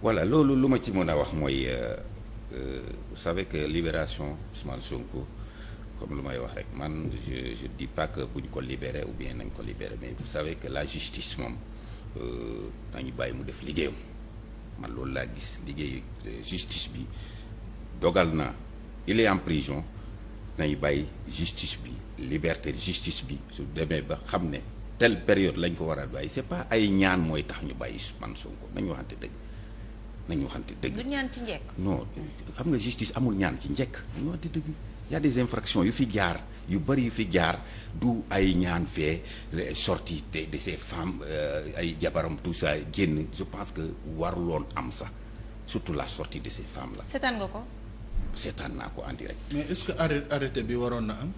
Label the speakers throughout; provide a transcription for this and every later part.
Speaker 1: voilà loolu lu ma ci mën a wax mooy euh, euh, vous savez que libération Ousmane Sonko comme lu may wax rek man je je dis pas que bu ñu ko libere ou bien nañ ko libérer mais vous que la justice moom dañu euh, bàyyi mu def liggéeyam man loolu laa gis liggéey justice bi dogal na il est en prison nañu bàyyi justice bi liberté justice bi su demee ba xam ne tel période lañ ko war a bàyyi c'est pas ay ñaan mooy tax ñu bàyyi Ousmane Sonko nañu waxante dëgg. nañu waxante dëgg. du ñaan ci njekk. non xam nga justice amul ñaan ci njekk nañu waxante dëgg y a des infractions yu fi jaar yu bëri yu fi jaar du ay ñaan fee sortie de de ces femmes euh, ay jabaram tout ça génn je pense que waruloon am sax surtout la sortie de ces femmes là. seetaan nga ko. seetaan naa ko en direct. mais est-ce que arrêté bi waroon na am.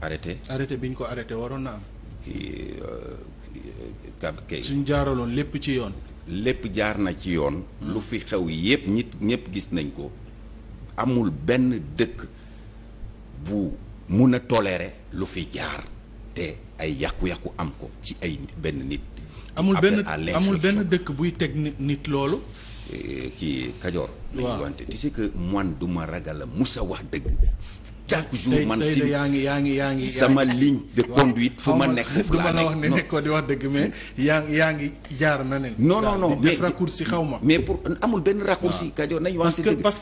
Speaker 1: arrêté arrêté bi ñu ko arrêté waroon na am. Euh, kii kii. suñ jaaraloon lépp ci yoon. lépp jaar na ci yoon. lu fi xew yépp nit ñépp gis nañ ko amul benn dëkk bu mun a tolérer lu fi jaar te ay yàqu-yàqu am ko ci ay benn nit. amul benn amul benn dëkk buy teg nit loolu. Eh, ki Kajoor. waaw dañuy wante tu sais que man du ma ragal a musa wax dëgg. chaque jour man si yaa ngi yaa ngi yaa ngi sama ligne de conduite fu ma nekk foofu laa nekk wax ne nekkoo di wax dëgg mais yaa ngi yaa ngi jaar na ne. non non non mais def xaw ma. mais pour amul benn raccourci. Kajoor nañu wax si dëgg.